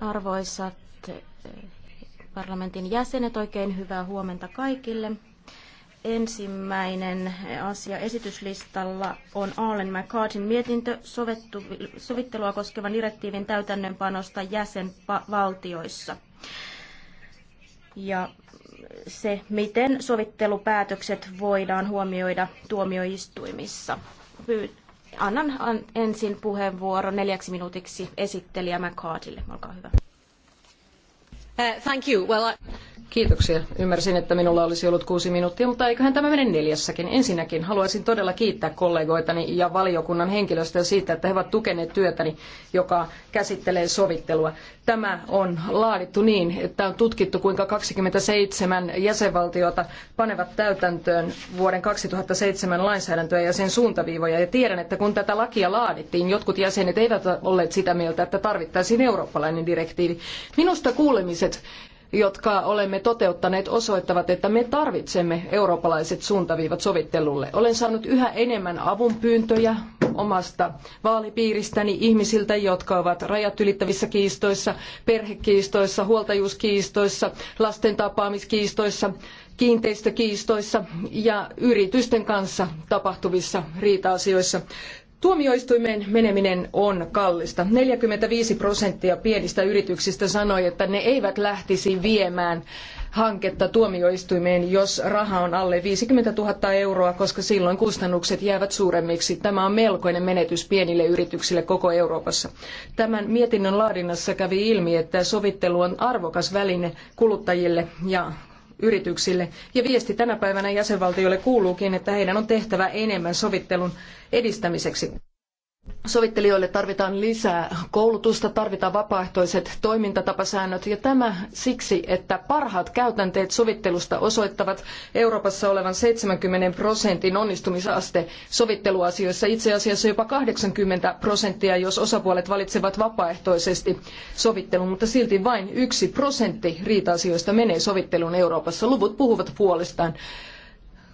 Arvoisat eh, parlamentin jäsenet, oikein hyvää huomenta kaikille. Ensimmäinen eh, asia esityslistalla on Allen McCartin mietintö sovittu, sovittelua koskevan direktiivin täytännönpanosta jäsenvaltioissa. Ja se, miten sovittelupäätökset voidaan huomioida tuomioistuimissa annan ensin puheenvuoron neljäksi minuutiksi esittelijä McCartille. Olkaa hyvä. Uh, Kiitoksia. Ymmärsin, että minulla olisi ollut kuusi minuuttia, mutta eiköhän tämä mene neljässäkin. Ensinnäkin haluaisin todella kiittää kollegoitani ja valiokunnan henkilöstöä siitä, että he ovat tukeneet työtäni, joka käsittelee sovittelua. Tämä on laadittu niin, että on tutkittu, kuinka 27 jäsenvaltiota panevat täytäntöön vuoden 2007 lainsäädäntöä ja sen suuntaviivoja. Ja tiedän, että kun tätä lakia laadittiin, jotkut jäsenet eivät olleet sitä mieltä, että tarvittaisiin eurooppalainen direktiivi. Minusta kuulemiset tulokset jotka olemme toteuttaneet osoittavat, että me tarvitsemme eurooppalaiset suuntaviivat sovittelulle. Olen saanut yhä enemmän avunpyyntöjä omasta vaalipiiristäni ihmisiltä, jotka ovat rajat ylittävissä kiistoissa, perhekiistoissa, huoltajuuskiistoissa, lasten tapaamiskiistoissa, kiinteistökiistoissa ja yritysten kanssa tapahtuvissa riita-asioissa. Tuomioistuimeen meneminen on kallista. 45 prosenttia pienistä yrityksistä sanoi, että ne eivät lähtisi viemään hanketta tuomioistuimeen, jos raha on alle 50 000 euroa, koska silloin kustannukset jäävät suuremmiksi. Tämä on melkoinen menetys pienille yrityksille koko Euroopassa. Tämän mietinnön laadinnassa kävi ilmi, että sovittelu on arvokas väline kuluttajille ja yrityksille. Ja viesti tänä päivänä jäsenvaltioille kuuluukin, että heidän on tehtävä enemmän sovittelun edistämiseksi. Sovittelijoille tarvitaan lisää koulutusta, tarvitaan vapaaehtoiset toimintatapasäännöt ja tämä siksi, että parhaat käytänteet sovittelusta osoittavat Euroopassa olevan 70 prosentin onnistumisaste sovitteluasioissa, itse asiassa jopa 80 prosenttia, jos osapuolet valitsevat vapaaehtoisesti sovittelun, mutta silti vain yksi prosentti riita-asioista menee sovitteluun Euroopassa. Luvut puhuvat puolestaan.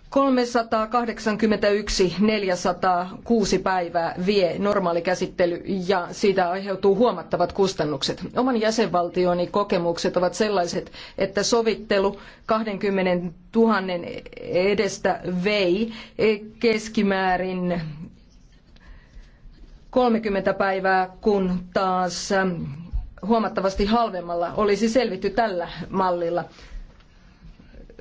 381 406 päivää vie normaali käsittely ja siitä aiheutuu huomattavat kustannukset. Oman jäsenvaltioni kokemukset ovat sellaiset, että sovittelu 20 000 edestä vei keskimäärin 30 päivää, kun taas huomattavasti halvemmalla olisi selvitty tällä mallilla.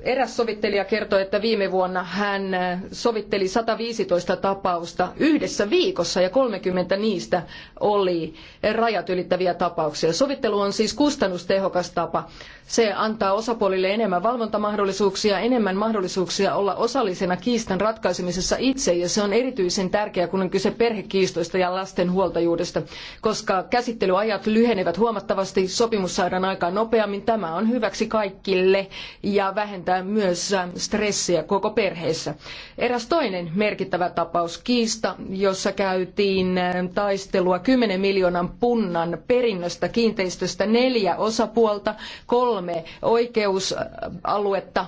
Eräs sovittelija kertoi, että viime vuonna hän äh, sovitteli 115 tapausta yhdessä viikossa ja 30 niistä oli rajat ylittäviä tapauksia. Sovittelu on siis kustannustehokas tapa se antaa osapuolille enemmän valvontamahdollisuuksia, enemmän mahdollisuuksia olla osallisena kiistan ratkaisemisessa itse, ja se on erityisen tärkeää, kun on kyse perhekiistoista ja lasten huoltajuudesta. Koska käsittelyajat lyhenevät huomattavasti, sopimus saadaan aikaan nopeammin, tämä on hyväksi kaikille ja vähentää myös äh, stressiä koko perheessä. Eräs toinen merkittävä tapaus, kiista, jossa käytiin äh, taistelua 10 miljoonan punnan perinnöstä kiinteistöstä neljä osapuolta, kolme kolme oikeusaluetta,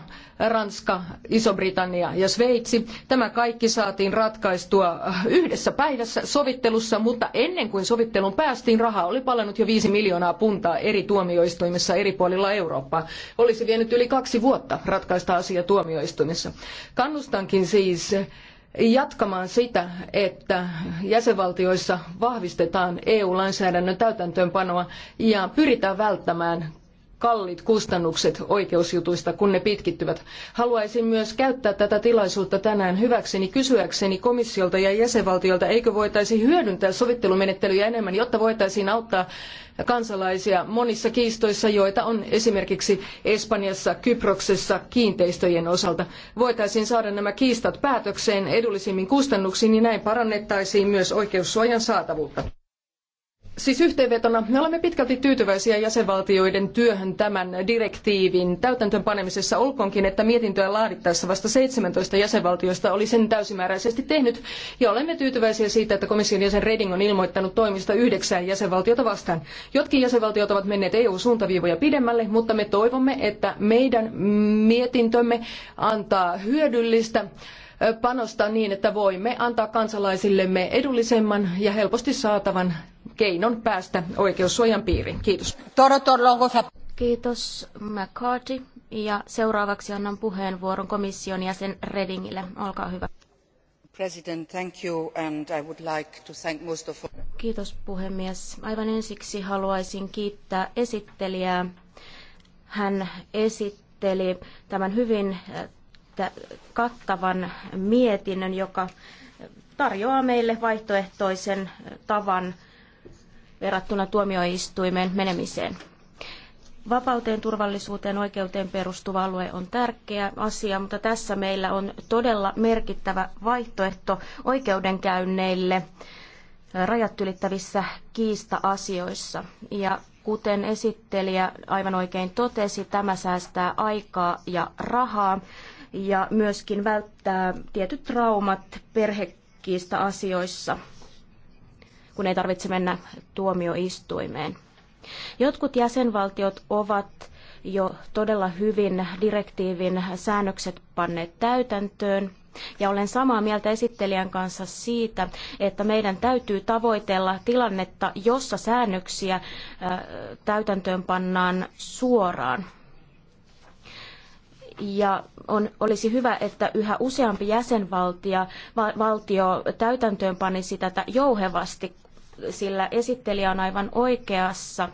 Ranska, Iso-Britannia ja Sveitsi. Tämä kaikki saatiin ratkaistua yhdessä päivässä sovittelussa, mutta ennen kuin sovitteluun päästiin, rahaa oli palannut jo viisi miljoonaa puntaa eri tuomioistuimissa eri puolilla Eurooppaa. Olisi vienyt yli kaksi vuotta ratkaista asia tuomioistuimessa. Kannustankin siis jatkamaan sitä, että jäsenvaltioissa vahvistetaan EU-lainsäädännön täytäntöönpanoa ja pyritään välttämään kalliit kustannukset oikeusjutuista, kun ne pitkittyvät. Haluaisin myös käyttää tätä tilaisuutta tänään hyväkseni kysyäkseni komissiolta ja jäsenvaltioilta, eikö voitaisi hyödyntää sovittelumenettelyjä enemmän, jotta voitaisiin auttaa kansalaisia monissa kiistoissa, joita on esimerkiksi Espanjassa, Kyproksessa kiinteistöjen osalta. Voitaisiin saada nämä kiistat päätökseen edullisimmin kustannuksiin, niin näin parannettaisiin myös oikeussuojan saatavuutta. Siis yhteenvetona me olemme pitkälti tyytyväisiä jäsenvaltioiden työhön tämän direktiivin täytäntöönpanemisessa, olkoonkin, että mietintöä laadittaessa vasta 17 jäsenvaltioista oli sen täysimääräisesti tehnyt, ja olemme tyytyväisiä siitä, että komission jäsen Reding on ilmoittanut toimista yhdeksään jäsenvaltiota vastaan. Jotkin jäsenvaltiot ovat menneet EU-suuntaviivoja pidemmälle, mutta me toivomme, että meidän mietintömme antaa hyödyllistä panosta niin, että voimme antaa kansalaisillemme edullisemman ja helposti saatavan keinon päästä oikeussuojan piiriin. Kiitos. Kiitos McCarthy. Ja seuraavaksi annan puheenvuoron komission jäsen Redingille. Olkaa hyvä. Kiitos puhemies. Aivan ensiksi haluaisin kiittää esittelijää. Hän esitteli tämän hyvin kattavan mietinnön, joka tarjoaa meille vaihtoehtoisen tavan verrattuna tuomioistuimeen menemiseen. Vapauteen, turvallisuuteen, oikeuteen perustuva alue on tärkeä asia, mutta tässä meillä on todella merkittävä vaihtoehto oikeudenkäynneille rajat ylittävissä kiista-asioissa. Ja kuten esittelijä aivan oikein totesi, tämä säästää aikaa ja rahaa ja myöskin välttää tietyt traumat perhekiista-asioissa kun ei tarvitse mennä tuomioistuimeen. Jotkut jäsenvaltiot ovat jo todella hyvin direktiivin säännökset panneet täytäntöön. Ja olen samaa mieltä esittelijän kanssa siitä, että meidän täytyy tavoitella tilannetta, jossa säännöksiä täytäntöön pannaan suoraan. Ja on, olisi hyvä, että yhä useampi jäsenvaltio va, valtio täytäntöön panisi tätä jouhevasti sillä esittelijä on aivan oikeassa.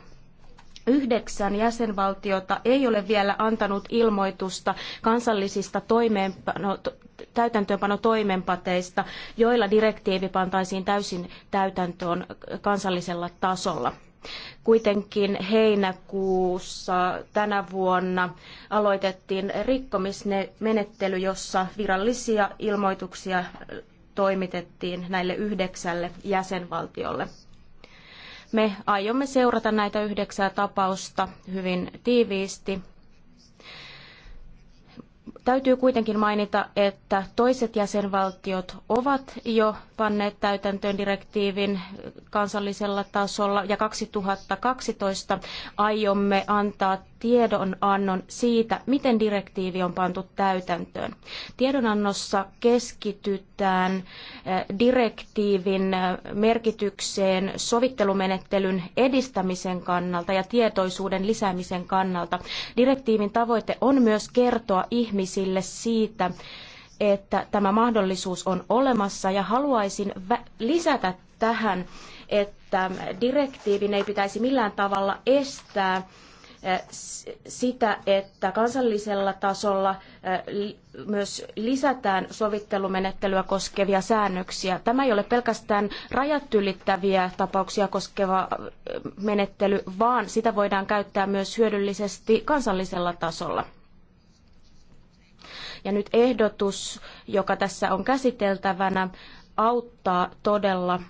Yhdeksän jäsenvaltiota ei ole vielä antanut ilmoitusta kansallisista toimeenpano, täytäntöönpanotoimenpateista, joilla direktiivi pantaisiin täysin täytäntöön kansallisella tasolla. Kuitenkin heinäkuussa tänä vuonna aloitettiin rikkomismenettely, jossa virallisia ilmoituksia toimitettiin näille yhdeksälle jäsenvaltiolle. Me aiomme seurata näitä yhdeksää tapausta hyvin tiiviisti Täytyy kuitenkin mainita, että toiset jäsenvaltiot ovat jo panneet täytäntöön direktiivin kansallisella tasolla ja 2012 aiomme antaa tiedonannon siitä, miten direktiivi on pantu täytäntöön. Tiedonannossa keskitytään eh, direktiivin eh, merkitykseen sovittelumenettelyn edistämisen kannalta ja tietoisuuden lisäämisen kannalta. Direktiivin tavoite on myös kertoa ihmisille, ihmisille siitä, että tämä mahdollisuus on olemassa ja haluaisin lisätä tähän, että direktiivin ei pitäisi millään tavalla estää eh, sitä, että kansallisella tasolla eh, myös lisätään sovittelumenettelyä koskevia säännöksiä. Tämä ei ole pelkästään rajat ylittäviä tapauksia koskeva eh, menettely, vaan sitä voidaan käyttää myös hyödyllisesti kansallisella tasolla. Ja nyt ehdotus, joka tässä on käsiteltävänä, auttaa todella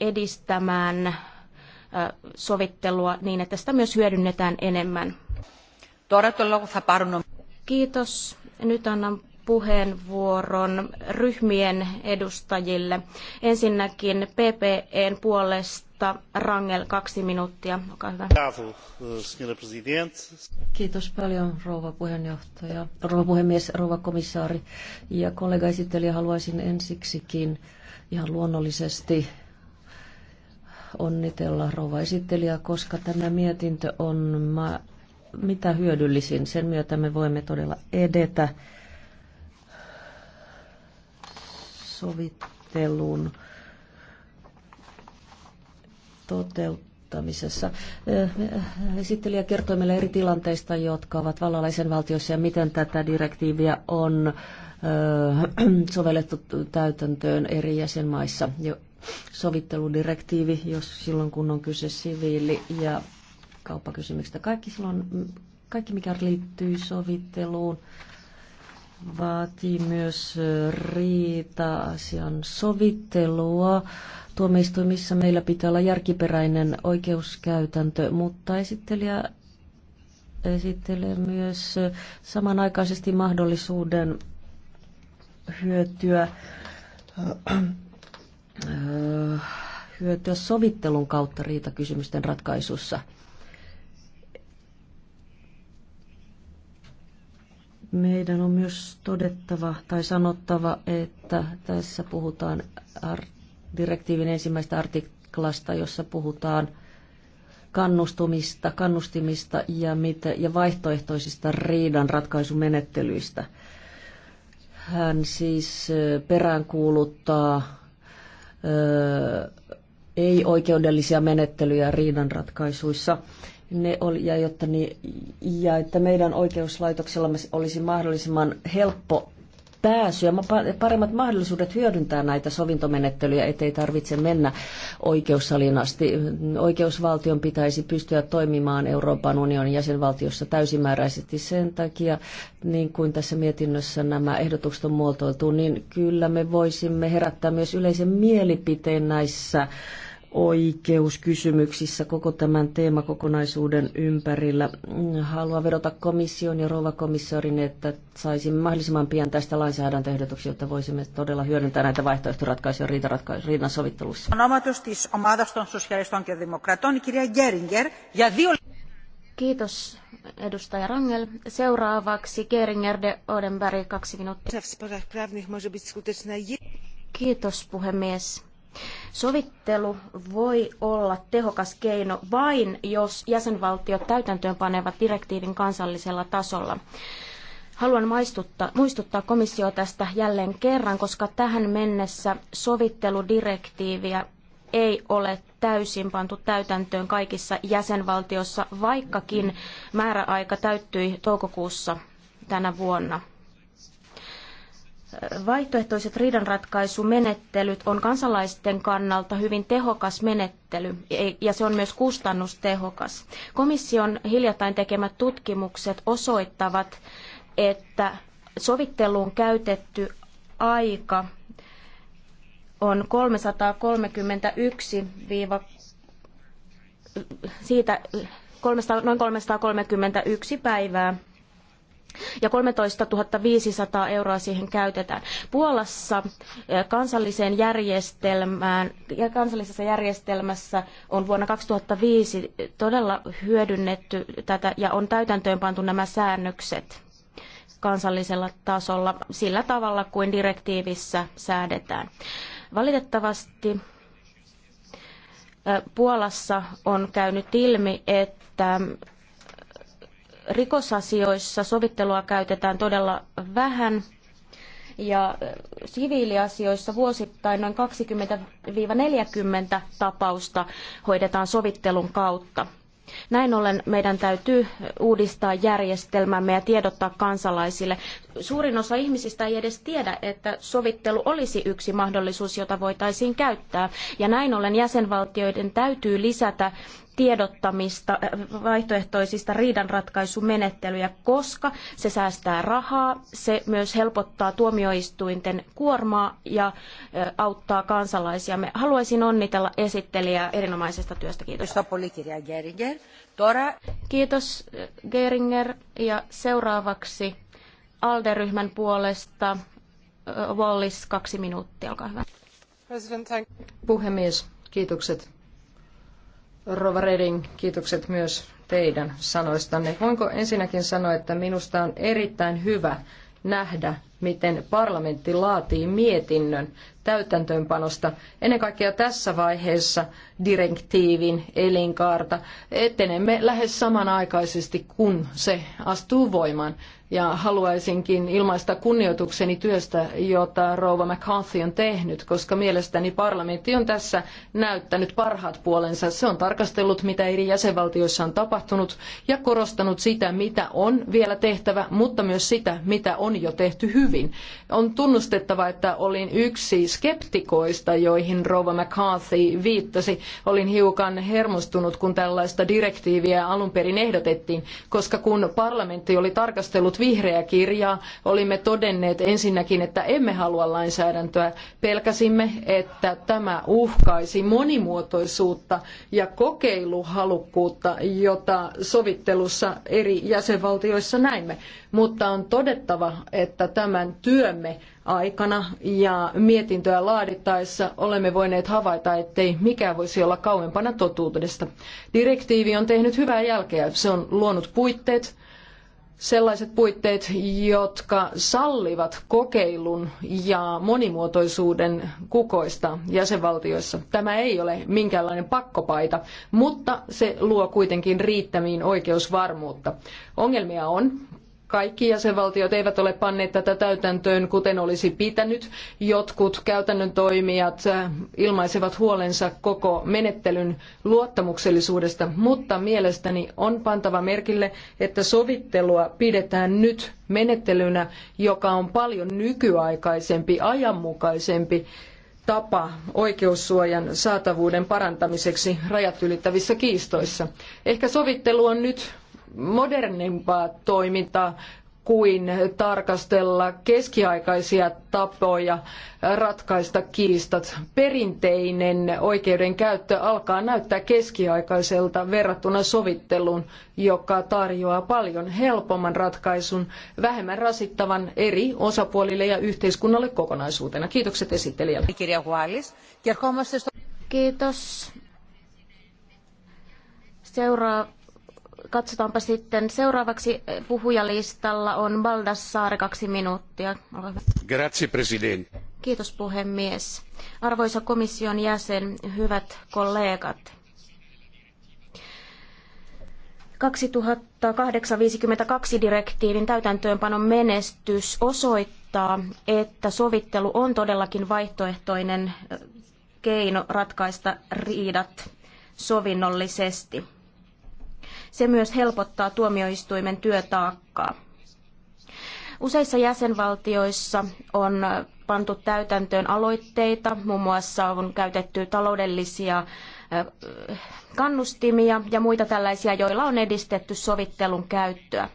edistämään sovittelua niin, että sitä myös hyödynnetään enemmän. Kiitos. Nyt annan puheenvuoron ryhmien edustajille. Ensinnäkin PPEn puolesta Rangel kaksi minuuttia. Olkaa hyvä. Eh, Kiitos paljon rouva puheenjohtaja, rouva puhemies, rouva komissaari ja kollega esittelijä. Haluaisin ensiksikin ihan luonnollisesti onnitella rouva esittelijä, koska tämä mietintö on mitä hyödyllisin. Sen myötä me voimme todella edetä sovittelun toteuttamisessa. Esittelijä kertoi meille eri tilanteista, jotka ovat vallalaisen valtiossa ja miten tätä direktiiviä on sovellettu täytäntöön eri jäsenmaissa. sovitteludirektiivi, jos silloin kun on kyse siviili- ja kauppakysymyksistä. Kaikki, silloin, kaikki mikä liittyy sovitteluun, vaatii myös riita-asian sovittelua. Tuomioistuimissa meillä pitää olla järkiperäinen oikeuskäytäntö, mutta esittelijä esittelee myös samanaikaisesti mahdollisuuden hyötyä, hyötyä sovittelun kautta riitakysymysten ratkaisussa – Meidän on myös todettava tai sanottava, että tässä puhutaan direktiivin ensimmäistä artiklasta, jossa puhutaan kannustumista, kannustimista ja, mitä, ja vaihtoehtoisista riidan ratkaisumenettelyistä. Hän siis peräänkuuluttaa ei-oikeudellisia menettelyjä riidanratkaisuissa ne oli, ja, jotta niin, ja että meidän oikeuslaitoksellamme olisi mahdollisimman helppo pääsy ja paremmat mahdollisuudet hyödyntää näitä sovintomenettelyjä, ettei tarvitse mennä oikeussaliin asti. Oikeusvaltion pitäisi pystyä toimimaan Euroopan unionin jäsenvaltiossa täysimääräisesti sen takia, niin kuin tässä mietinnössä nämä ehdotukset on muotoiltu, niin kyllä me voisimme herättää myös yleisen mielipiteen näissä oikeuskysymyksissä koko tämän teemakokonaisuuden ympärillä. Haluan vedota komission ja rouva komissaarin, että saisimme mahdollisimman pian tästä lainsäädäntöehdotuksia, jotta voisimme todella hyödyntää näitä vaihtoehtoratkaisuja riidan sovittelussa. Kiitos edustaja Rangel. Seuraavaksi Geringer de Odenberg, kaksi minuuttia. Kiitos puhemies Sovittelu voi olla tehokas keino vain, jos jäsenvaltiot täytäntöönpanevat direktiivin kansallisella tasolla. Haluan muistuttaa komissio tästä jälleen kerran, koska tähän mennessä sovitteludirektiiviä ei ole täysin pantu täytäntöön kaikissa jäsenvaltioissa, vaikkakin määräaika täyttyi toukokuussa tänä vuonna. Vaihtoehtoiset riidanratkaisumenettelyt on kansalaisten kannalta hyvin tehokas menettely e, ja se on myös kustannustehokas. Komission hiljattain tekemät tutkimukset osoittavat, että sovitteluun käytetty aika on 331 siitä noin 331 päivää ja 13 500 euroa siihen käytetään. Puolassa eh, kansalliseen järjestelmään, kansallisessa järjestelmässä on vuonna 2005 todella hyödynnetty tätä ja on täytäntöönpantu nämä säännökset kansallisella tasolla sillä tavalla kuin direktiivissä säädetään. Valitettavasti eh, Puolassa on käynyt ilmi, että rikosasioissa sovittelua käytetään todella vähän ja äh, siviiliasioissa vuosittain noin 20-40 tapausta hoidetaan sovittelun kautta. Näin ollen meidän täytyy uudistaa järjestelmämme ja tiedottaa kansalaisille suurin osa ihmisistä ei edes tiedä, että sovittelu olisi yksi mahdollisuus, jota voitaisiin käyttää. Ja näin ollen jäsenvaltioiden täytyy lisätä tiedottamista äh, vaihtoehtoisista riidanratkaisumenettelyjä, koska se säästää rahaa, se myös helpottaa tuomioistuinten kuormaa ja äh, auttaa kansalaisia. Me haluaisin onnitella esittelijää erinomaisesta työstä. Kiitos. Kiitos äh, Geringer. Ja seuraavaksi ALDE-ryhmän puolesta Wallis, kaksi minuuttia, olkaa hyvä. Puhemies, kiitokset. Rova Reding, kiitokset myös teidän sanoistanne. Voinko ensinnäkin sanoa, että minusta on erittäin hyvä nähdä, miten parlamentti laatii mietinnön täytäntöönpanosta ennen kaikkea tässä vaiheessa direktiivin elinkaarta. Etenemme lähes samanaikaisesti, kun se astuu voimaan. Ja haluaisinkin ilmaista kunnioitukseni työstä, jota Rouva McCarthy on tehnyt, koska mielestäni parlamentti on tässä näyttänyt parhaat puolensa. Se on tarkastellut, mitä eri jäsenvaltioissa on tapahtunut ja korostanut sitä, mitä on vielä tehtävä, mutta myös sitä, mitä on jo tehty hyvin. On tunnustettava, että olin yksi skeptikoista, joihin Rova McCarthy viittasi. Olin hiukan hermostunut, kun tällaista direktiiviä alun perin ehdotettiin, koska kun parlamentti oli tarkastellut vihreää kirjaa, olimme todenneet ensinnäkin, että emme halua lainsäädäntöä. Pelkäsimme, että tämä uhkaisi monimuotoisuutta ja kokeiluhalukkuutta, jota sovittelussa eri jäsenvaltioissa näimme. Mutta on todettava, että tämän työmme aikana ja mietin mietintöä laadittaessa olemme voineet havaita, ettei mikään voisi olla kauempana totuudesta. Direktiivi on tehnyt hyvää jälkeä. Se on luonut puitteet, sellaiset puitteet, jotka sallivat kokeilun ja monimuotoisuuden kukoista jäsenvaltioissa. Tämä ei ole minkäänlainen pakkopaita, mutta se luo kuitenkin riittämiin oikeusvarmuutta. Ongelmia on. Kaikki jäsenvaltiot eivät ole panneet tätä täytäntöön, kuten olisi pitänyt. Jotkut käytännön toimijat äh, ilmaisevat huolensa koko menettelyn luottamuksellisuudesta, mutta mielestäni on pantava merkille, että sovittelua pidetään nyt menettelynä, joka on paljon nykyaikaisempi, ajanmukaisempi tapa oikeussuojan saatavuuden parantamiseksi rajat ylittävissä kiistoissa. Ehkä sovittelu on nyt modernimpaa toimintaa kuin tarkastella keskiaikaisia tapoja ratkaista kiistat. Perinteinen oikeudenkäyttö alkaa näyttää keskiaikaiselta verrattuna sovitteluun, joka tarjoaa paljon helpomman ratkaisun, vähemmän rasittavan eri osapuolille ja yhteiskunnalle kokonaisuutena. Kiitokset esittelijälle. Kiitos. Seuraa Katsotaanpa sitten. Seuraavaksi puhujalistalla on Baldassare kaksi minuuttia. Grazie, president. Kiitos puhemies. Arvoisa komission jäsen, hyvät kollegat. 2852 direktiivin täytäntöönpanon menestys osoittaa, että sovittelu on todellakin vaihtoehtoinen eh, keino ratkaista riidat sovinnollisesti. Se myös helpottaa tuomioistuimen työtaakkaa. Useissa jäsenvaltioissa on pantu täytäntöön aloitteita, muun muassa on käytetty taloudellisia kannustimia ja muita tällaisia, joilla on edistetty sovittelun käyttöä.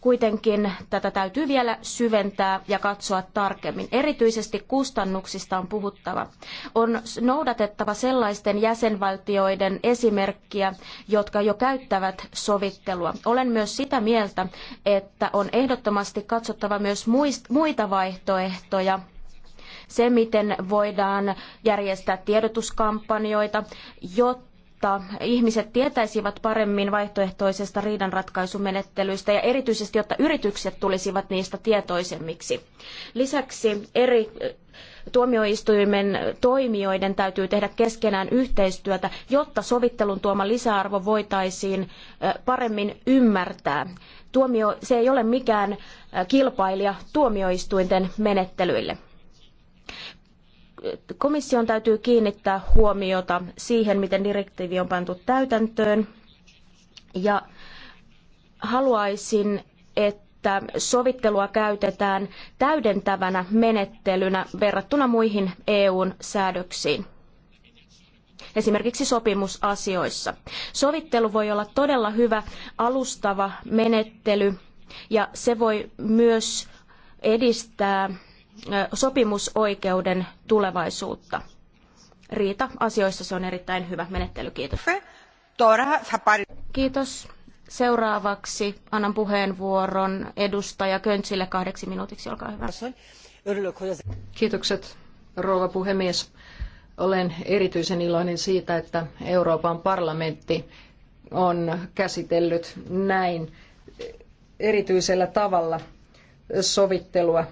Kuitenkin tätä täytyy vielä syventää ja katsoa tarkemmin. Erityisesti kustannuksista on puhuttava. On noudatettava sellaisten jäsenvaltioiden esimerkkiä, jotka jo käyttävät sovittelua. Olen myös sitä mieltä, että on ehdottomasti katsottava myös muita vaihtoehtoja se, miten voidaan järjestää tiedotuskampanjoita, jotta jotta ihmiset tietäisivät paremmin vaihtoehtoisesta riidanratkaisumenettelystä ja erityisesti, jotta yritykset tulisivat niistä tietoisemmiksi. Lisäksi eri eh, tuomioistuimen toimijoiden täytyy tehdä keskenään yhteistyötä, jotta sovittelun tuoma lisäarvo voitaisiin eh, paremmin ymmärtää. Tuomio, se ei ole mikään eh, kilpailija tuomioistuinten menettelyille komission täytyy kiinnittää huomiota siihen, miten direktiivi on pantu täytäntöön. Ja haluaisin, että sovittelua käytetään täydentävänä menettelynä verrattuna muihin EUn säädöksiin esimerkiksi sopimusasioissa. Sovittelu voi olla todella hyvä alustava menettely ja se voi myös edistää sopimusoikeuden tulevaisuutta. Riita asioissa se on erittäin hyvä menettely. Kiitos. Kiitos. Seuraavaksi annan puheenvuoron edustaja Köntsille kahdeksi minuutiksi. Olkaa hyvä. Kiitokset, rouva puhemies. Olen erityisen iloinen siitä, että Euroopan parlamentti on käsitellyt näin erityisellä tavalla sovittelua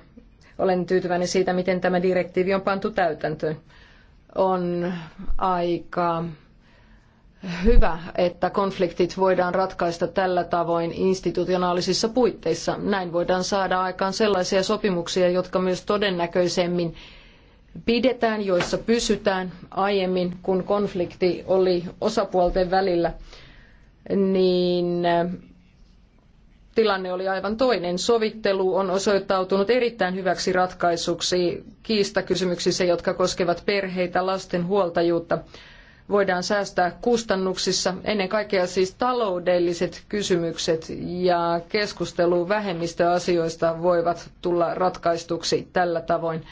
olen tyytyväinen siitä, miten tämä direktiivi on pantu täytäntöön. On aika hyvä, että konfliktit voidaan ratkaista tällä tavoin institutionaalisissa puitteissa. Näin voidaan saada aikaan sellaisia sopimuksia, jotka myös todennäköisemmin pidetään, joissa pysytään aiemmin, kun konflikti oli osapuolten välillä, niin tilanne oli aivan toinen. Sovittelu on osoittautunut erittäin hyväksi ratkaisuksi kiistakysymyksissä, jotka koskevat perheitä, lasten huoltajuutta. Voidaan säästää kustannuksissa, ennen kaikkea siis taloudelliset kysymykset ja keskustelu vähemmistöasioista voivat tulla ratkaistuksi tällä tavoin.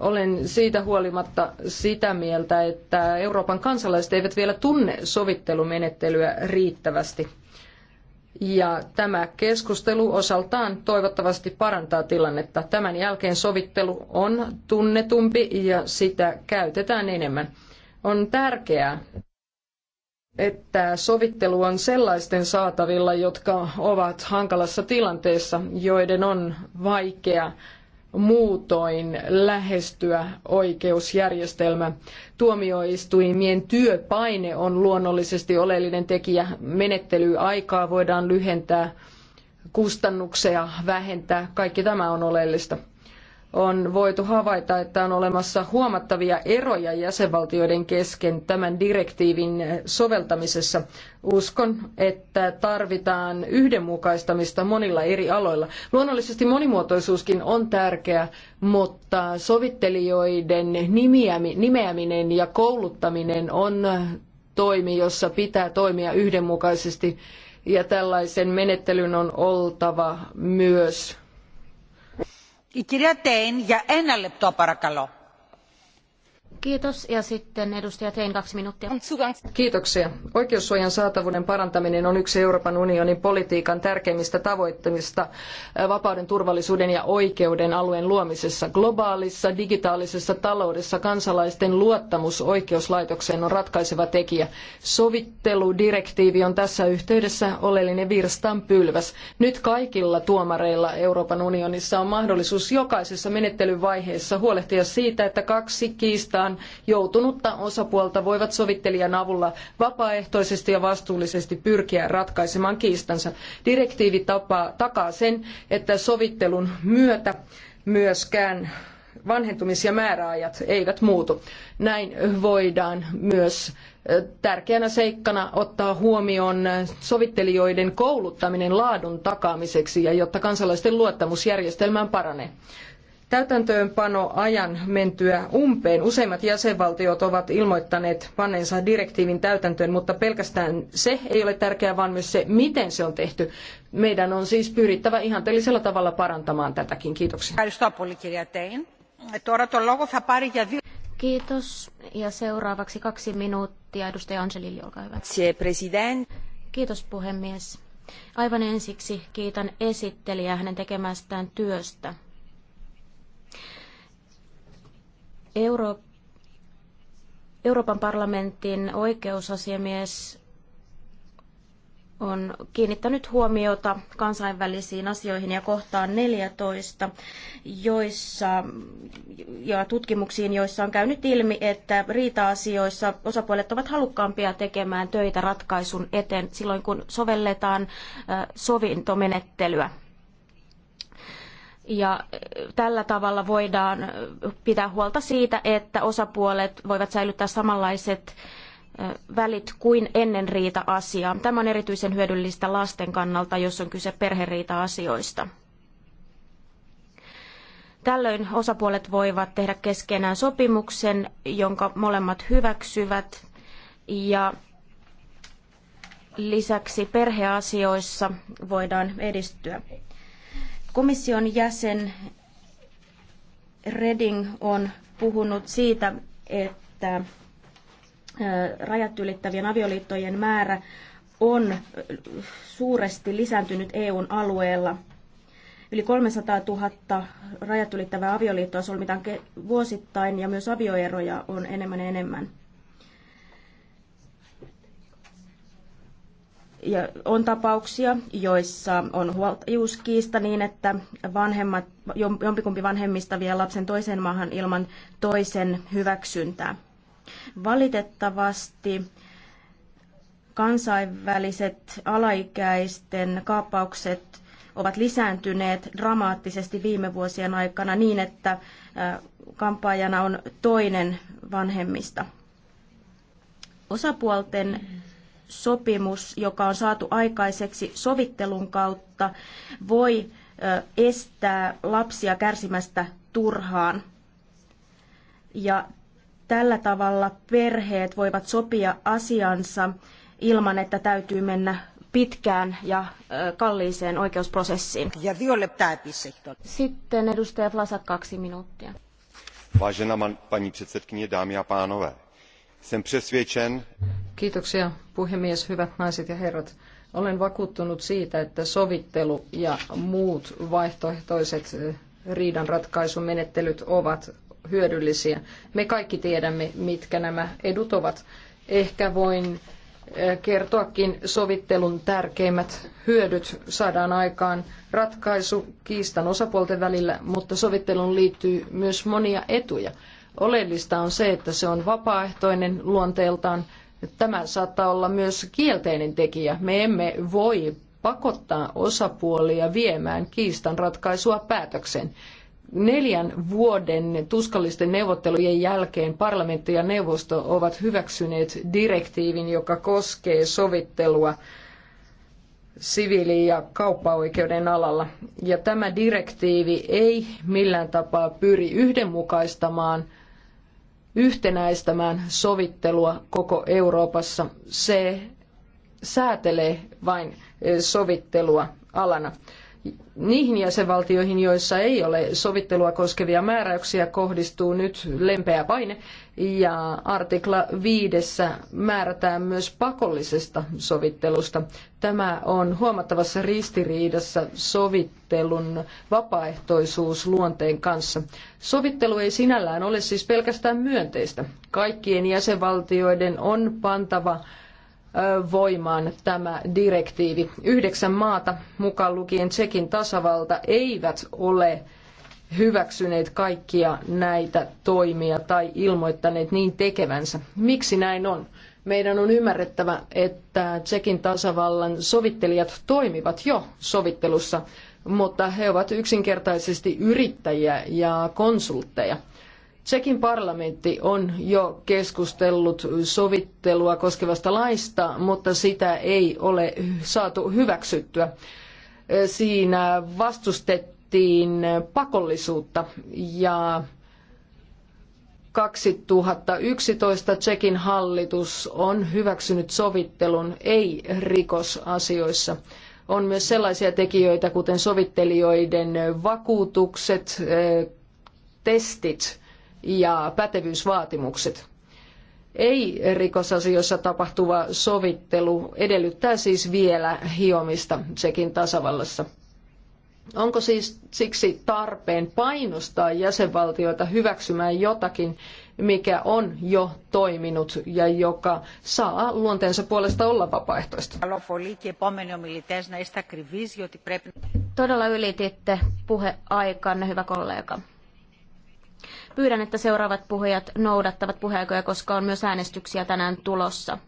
Olen siitä huolimatta sitä mieltä, että Euroopan kansalaiset eivät vielä tunne sovittelumenettelyä riittävästi ja tämä keskustelu osaltaan toivottavasti parantaa tilannetta. Tämän jälkeen sovittelu on tunnetumpi ja sitä käytetään enemmän. On tärkeää, että sovittelu on sellaisten saatavilla, jotka ovat hankalassa tilanteessa, joiden on vaikea muutoin lähestyä oikeusjärjestelmä. Tuomioistuimien työpaine on luonnollisesti oleellinen tekijä. Menettelyaikaa voidaan lyhentää, kustannuksia vähentää. Kaikki tämä on oleellista on voitu havaita, että on olemassa huomattavia eroja jäsenvaltioiden kesken tämän direktiivin soveltamisessa. Uskon, että tarvitaan yhdenmukaistamista monilla eri aloilla. Luonnollisesti monimuotoisuuskin on tärkeä, mutta sovittelijoiden nimeäminen ja kouluttaminen on toimi, jossa pitää toimia yhdenmukaisesti ja tällaisen menettelyn on oltava myös Η κυρία Τέιν για ένα λεπτό παρακαλώ. Kiitos. Ja sitten edustaja Tein kaksi minuuttia. Kiitoksia. Oikeussuojan saatavuuden parantaminen on yksi Euroopan unionin politiikan tärkeimmistä tavoitteista vapauden, turvallisuuden ja oikeuden alueen luomisessa. Globaalissa digitaalisessa taloudessa kansalaisten luottamus oikeuslaitokseen on ratkaiseva tekijä. Sovitteludirektiivi on tässä yhteydessä oleellinen virstanpylväs. Nyt kaikilla tuomareilla Euroopan unionissa on mahdollisuus jokaisessa menettelyvaiheessa huolehtia siitä, että kaksi kiistaa vastaan joutunutta osapuolta voivat sovittelijan avulla vapaaehtoisesti ja vastuullisesti pyrkiä ratkaisemaan kiistansa. Direktiivi tapaa, takaa sen, että sovittelun myötä myöskään vanhentumis- ja määräajat eivät muutu. Näin voidaan myös tärkeänä seikkana ottaa huomioon sovittelijoiden kouluttaminen laadun takaamiseksi ja jotta kansalaisten luottamus järjestelmään paranee täytäntöönpanoajan mentyä umpeen useimmat jäsenvaltiot ovat ilmoittaneet panneensa direktiivin täytäntöön, mutta pelkästään se ei ole tärkeää, vaan myös se, miten se on tehty. Meidän on siis pyrittävä ihanteellisella tavalla parantamaan tätäkin. Kiitoksia. Kiitos. Ja seuraavaksi kaksi minuuttia. Edustaja Angelilli, olkaa hyvä. Kiitos puhemies. Aivan ensiksi kiitän esittelijää hänen tekemästään työstä. Euro- Euroopan parlamentin oikeusasiamies on kiinnittänyt huomiota kansainvälisiin asioihin ja kohtaan 14, joissa, ja tutkimuksiin, joissa on käynyt ilmi, että riita-asioissa osapuolet ovat halukkaampia tekemään töitä ratkaisun eteen silloin, kun sovelletaan sovintomenettelyä. Ja äh, tällä tavalla voidaan äh, pitää huolta siitä, että osapuolet voivat säilyttää samanlaiset äh, välit kuin ennen riita-asiaa. Tämä on erityisen hyödyllistä lasten kannalta, jos on kyse perheriita-asioista. Tällöin osapuolet voivat tehdä keskenään sopimuksen, jonka molemmat hyväksyvät. Ja lisäksi perheasioissa voidaan edistyä. Komission jäsen Reding on puhunut siitä, että rajat ylittävien avioliittojen määrä on suuresti lisääntynyt EUn alueella. Yli 300 000 rajat ylittävää avioliittoa solmitaan vuosittain ja myös avioeroja on enemmän ja enemmän. Ja on tapauksia, joissa on huoltajuuskiista niin, että vanhemmat, jompikumpi vanhemmista vie lapsen toiseen maahan ilman toisen hyväksyntää. Valitettavasti kansainväliset alaikäisten kaappaukset ovat lisääntyneet dramaattisesti viime vuosien aikana niin, että kampaajana on toinen vanhemmista. Osapuolten sopimus, joka on saatu aikaiseksi sovittelun kautta, voi estää lapsia kärsimästä turhaan. Ja tällä tavalla perheet voivat sopia asiansa ilman, että täytyy mennä pitkään ja kalliiseen oikeusprosessiin. Ja Sitten edustaja Vlasak kaksi minuuttia. Vážená paní předsedkyně, dámy a pánové, jsem přesvědčen, Kiitoksia puhemies, hyvät naiset ja herrat. Olen vakuuttunut siitä, että sovittelu ja muut vaihtoehtoiset riidanratkaisumenettelyt ovat hyödyllisiä. Me kaikki tiedämme, mitkä nämä edut ovat. Ehkä voin kertoakin sovittelun tärkeimmät hyödyt saadaan aikaan ratkaisu kiistan osapuolten välillä, mutta sovitteluun liittyy myös monia etuja. Oleellista on se, että se on vapaaehtoinen luonteeltaan Tämä saattaa olla myös kielteinen tekijä. Me emme voi pakottaa osapuolia viemään kiistan ratkaisua päätöksen. Neljän vuoden tuskallisten neuvottelujen jälkeen parlamentti ja neuvosto ovat hyväksyneet direktiivin, joka koskee sovittelua siviili- ja kauppaoikeuden alalla. Ja tämä direktiivi ei millään tapaa pyri yhdenmukaistamaan – yhtenäistämään sovittelua koko Euroopassa. Se säätelee vain e, sovittelua alana. Niihin jäsenvaltioihin, joissa ei ole sovittelua koskevia määräyksiä, kohdistuu nyt lempeä paine, ja artikla viidessä määrätään myös pakollisesta sovittelusta. Tämä on huomattavassa ristiriidassa sovittelun vapaaehtoisuusluonteen kanssa. Sovittelu ei sinällään ole siis pelkästään myönteistä. Kaikkien jäsenvaltioiden on pantava voimaan tämä direktiivi. Yhdeksän maata, mukaan lukien Tsekin tasavalta, eivät ole hyväksyneet kaikkia näitä toimia tai ilmoittaneet niin tekevänsä. Miksi näin on? Meidän on ymmärrettävä, että Tsekin tasavallan sovittelijat toimivat jo sovittelussa, mutta he ovat yksinkertaisesti yrittäjiä ja konsultteja. Tsekin parlamentti on jo keskustellut sovittelua koskevasta laista, mutta sitä ei ole saatu hyväksyttyä. Siinä vastustettiin ehdotettiin pakollisuutta ja 2011 Tsekin hallitus on hyväksynyt sovittelun ei-rikosasioissa. On myös sellaisia tekijöitä, kuten sovittelijoiden vakuutukset, eh, testit ja pätevyysvaatimukset. Ei-rikosasioissa tapahtuva sovittelu edellyttää siis vielä hiomista Tsekin tasavallassa. Onko siis siksi tarpeen painostaa jäsenvaltioita hyväksymään jotakin, mikä on jo toiminut ja joka saa luonteensa puolesta olla vapaaehtoista? Todella ylititte puheaikanne, hyvä kollega. Pyydän, että seuraavat puhujat noudattavat puheaikoja, koska on myös äänestyksiä tänään tulossa.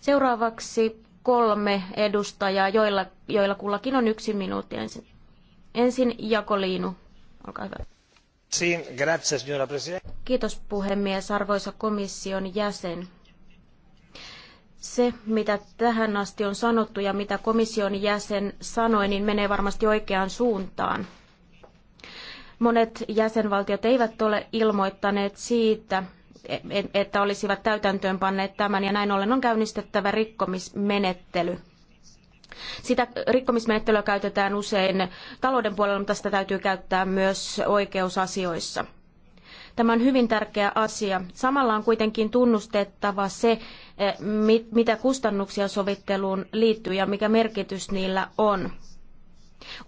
Seuraavaksi kolme edustajaa, joilla, joilla kullakin on yksi minuutti ensin. Ensin Jakoliinu, olkaa hyvä. Kiitos puhemies, arvoisa komission jäsen. Se, mitä tähän asti on sanottu ja mitä komission jäsen sanoi, niin menee varmasti oikeaan suuntaan. Monet jäsenvaltiot eivät ole ilmoittaneet siitä, e- e- että olisivat täytäntöönpanneet tämän ja näin ollen on käynnistettävä rikkomismenettely sitä rikkomismenettelyä käytetään usein talouden puolella, mutta sitä täytyy käyttää myös oikeusasioissa. Tämä on hyvin tärkeä asia. Samalla on kuitenkin tunnustettava se, eh, mitä kustannuksia sovitteluun liittyy ja mikä merkitys niillä on.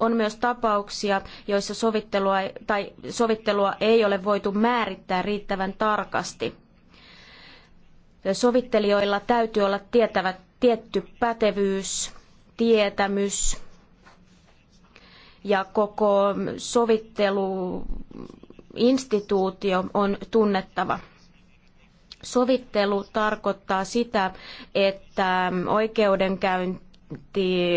On myös tapauksia, joissa sovittelua, tai sovittelua ei ole voitu määrittää riittävän tarkasti. Sovittelijoilla täytyy olla tietävä, tietty pätevyys tietämys ja koko sovitteluinstituutio on tunnettava. Sovittelu tarkoittaa sitä, että oikeudenkäynti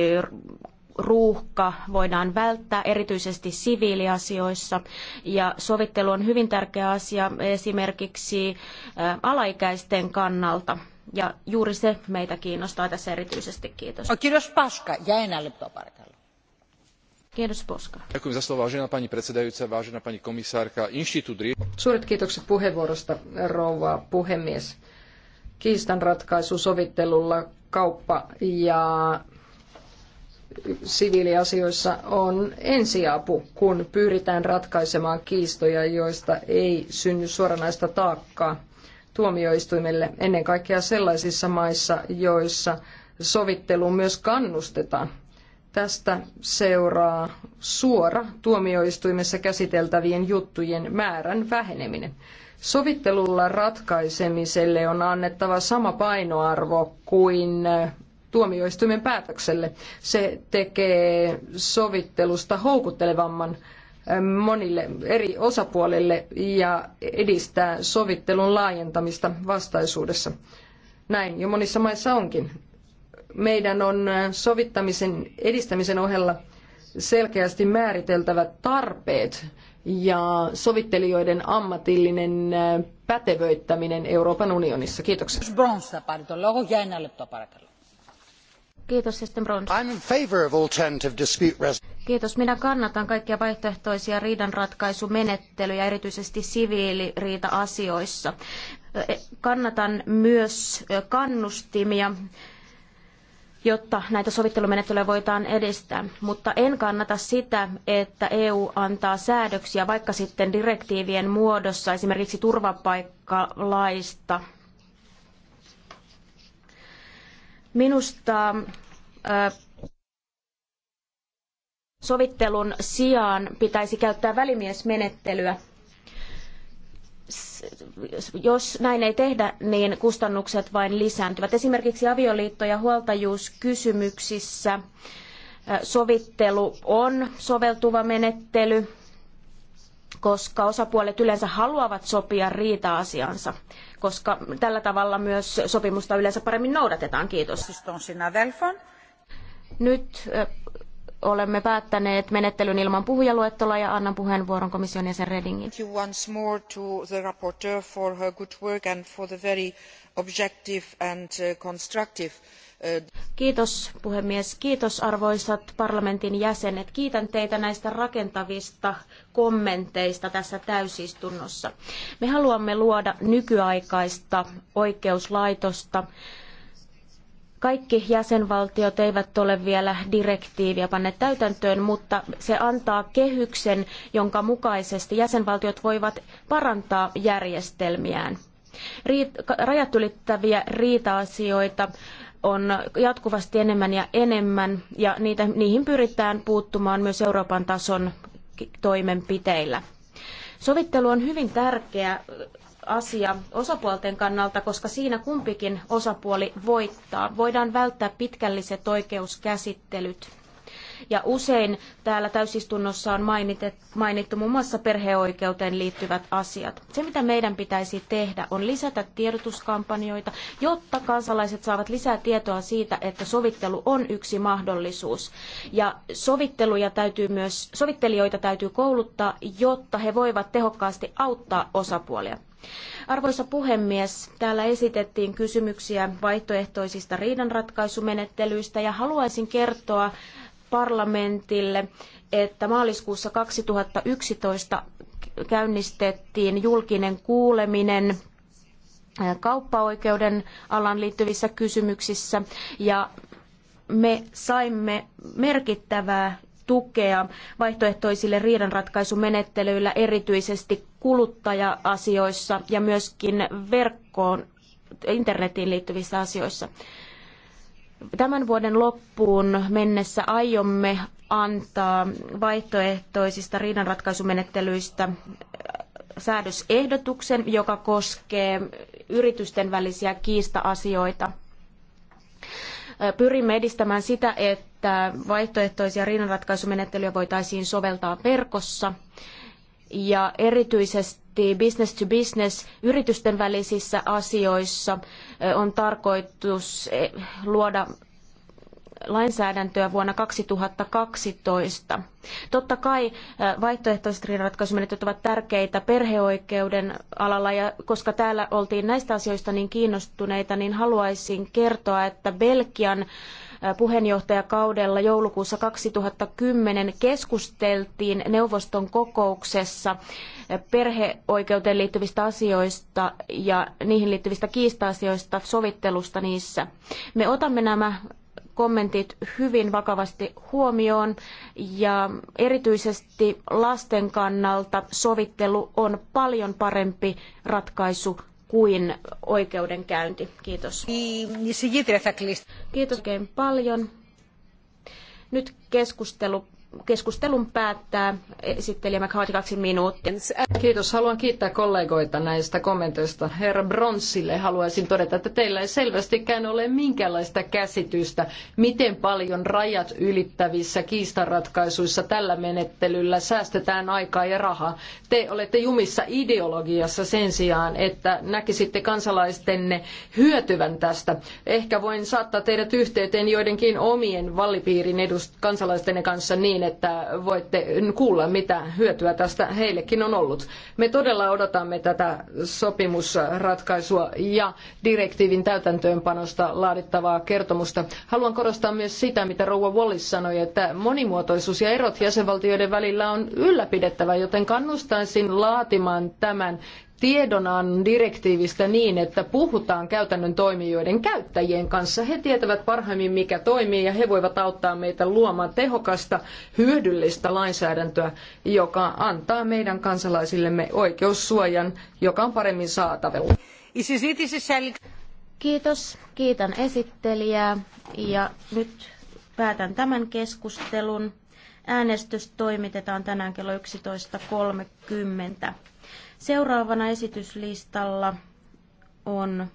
ruuhka voidaan välttää erityisesti siviiliasioissa ja sovittelu on hyvin tärkeä asia esimerkiksi alaikäisten kannalta. Ja juuri se meitä kiinnostaa tässä erityisesti. Kiitos. Kiitos Paska. Ja enää parkalla. Kiitos Poska. Ďakujem za slovo, vážená pani predsedajúca, vážená pani komisárka. Inštitút Suuret kiitokset puheenvuorosta, rouva puhemies. Kiistan ratkaisu sovittelulla kauppa- ja siviiliasioissa on ensiapu, kun pyritään ratkaisemaan kiistoja, joista ei synny suoranaista taakkaa tuomioistuimelle ennen kaikkea sellaisissa maissa, joissa sovitteluun myös kannustetaan. Tästä seuraa suora tuomioistuimessa käsiteltävien juttujen määrän väheneminen. Sovittelulla ratkaisemiselle on annettava sama painoarvo kuin tuomioistuimen päätökselle. Se tekee sovittelusta houkuttelevamman monille eri osapuolille ja edistää sovittelun laajentamista vastaisuudessa. Näin jo monissa maissa onkin. Meidän on sovittamisen edistämisen ohella selkeästi määriteltävä tarpeet ja sovittelijoiden ammatillinen pätevöittäminen Euroopan unionissa. Kiitoksia. Kiitos, Brons. Kiitos. Minä kannatan kaikkia vaihtoehtoisia riidanratkaisumenettelyjä, erityisesti siviiliriita-asioissa. E, kannatan myös kannustimia jotta näitä sovittelumenettelyjä voidaan edistää, mutta en kannata sitä, että EU antaa säädöksiä vaikka sitten direktiivien muodossa esimerkiksi turvapaikkalaista. Minusta sovittelun sijaan pitäisi käyttää välimiesmenettelyä. Jos näin ei tehdä, niin kustannukset vain lisääntyvät. Esimerkiksi avioliitto- ja huoltajuuskysymyksissä sovittelu on soveltuva menettely, koska osapuolet yleensä haluavat sopia riita-asiansa, koska tällä tavalla myös sopimusta yleensä paremmin noudatetaan. Kiitos. Nyt olemme päättäneet menettelyn ilman puhujaluettelua ja annan puheenvuoron komission jäsen Redingille. Kiitos puhemies, kiitos arvoisat parlamentin jäsenet. Kiitän teitä näistä rakentavista kommenteista tässä täysistunnossa. Me haluamme luoda nykyaikaista oikeuslaitosta kaikki jäsenvaltiot eivät ole vielä direktiiviä panneet täytäntöön, mutta se antaa kehyksen, jonka mukaisesti jäsenvaltiot voivat parantaa järjestelmiään. Rajat ylittäviä riita-asioita on jatkuvasti enemmän ja enemmän, ja niitä, niihin pyritään puuttumaan myös Euroopan tason toimenpiteillä. Sovittelu on hyvin tärkeä asia osapuolten kannalta, koska siinä kumpikin osapuoli voittaa. Voidaan välttää pitkälliset oikeuskäsittelyt. Ja usein täällä täysistunnossa on mainittu muun muassa perheoikeuteen liittyvät asiat. Se, mitä meidän pitäisi tehdä, on lisätä tiedotuskampanjoita, jotta kansalaiset saavat lisää tietoa siitä, että sovittelu on yksi mahdollisuus. Ja sovitteluja täytyy myös, sovittelijoita täytyy kouluttaa, jotta he voivat tehokkaasti auttaa osapuolia. Arvoisa puhemies, täällä esitettiin kysymyksiä vaihtoehtoisista riidanratkaisumenettelyistä ja haluaisin kertoa parlamentille, että maaliskuussa 2011 käynnistettiin julkinen kuuleminen äh, kauppaoikeuden alan liittyvissä kysymyksissä ja me saimme merkittävää tukea vaihtoehtoisille riidanratkaisumenettelyillä erityisesti kuluttaja-asioissa ja myöskin verkkoon internetiin liittyvissä asioissa. Tämän vuoden loppuun mennessä aiomme antaa vaihtoehtoisista riidanratkaisumenettelyistä äh, säädösehdotuksen, joka koskee yritysten välisiä kiista-asioita. Äh, pyrimme edistämään sitä, että vaihtoehtoisia riidanratkaisumenettelyjä voitaisiin soveltaa verkossa ja erityisesti puhuttiin business to business yritysten välisissä asioissa, on tarkoitus e, luoda lainsäädäntöä vuonna 2012. Totta kai vaihtoehtoiset ratkaisumenettelyt ovat tärkeitä perheoikeuden alalla ja koska täällä oltiin näistä asioista niin kiinnostuneita, niin haluaisin kertoa, että Belgian Äh, puheenjohtajakaudella joulukuussa 2010 keskusteltiin neuvoston kokouksessa äh, perheoikeuteen liittyvistä asioista ja niihin liittyvistä kiista-asioista, sovittelusta niissä. Me otamme nämä kommentit hyvin vakavasti huomioon ja erityisesti lasten kannalta sovittelu on paljon parempi ratkaisu kuin oikeudenkäynti. Kiitos. Kiitos oikein paljon. Nyt keskustelu keskustelun päättää esittelijä McCarthy kaksi minuuttia. Kiitos. Haluan kiittää kollegoita näistä kommenteista. Herra Bronsille haluaisin todeta, että teillä ei selvästikään ole minkäänlaista käsitystä, miten paljon rajat ylittävissä kiistanratkaisuissa tällä menettelyllä säästetään aikaa ja rahaa. Te olette jumissa ideologiassa sen sijaan, että näkisitte kansalaistenne hyötyvän tästä. Ehkä voin saattaa teidät yhteyteen joidenkin omien vallipiirin edust- kansalaistenne kanssa niin, niin, että voitte kuulla, mitä hyötyä tästä heillekin on ollut. Me todella odotamme tätä sopimusratkaisua ja direktiivin täytäntöönpanosta laadittavaa kertomusta. Haluan korostaa myös sitä, mitä Rouva Wallis sanoi, että monimuotoisuus ja erot jäsenvaltioiden välillä on ylläpidettävä, joten kannustaisin laatimaan tämän tiedonan direktiivistä niin, että puhutaan käytännön toimijoiden käyttäjien kanssa. He tietävät parhaimmin, mikä toimii ja he voivat auttaa meitä luomaan tehokasta, hyödyllistä lainsäädäntöä, joka antaa meidän kansalaisillemme oikeussuojan, joka on paremmin saatavilla. Kiitos, kiitän esittelijää ja nyt päätän tämän keskustelun. Äänestys toimitetaan tänään kello 11.30. Seuraavana esityslistalla on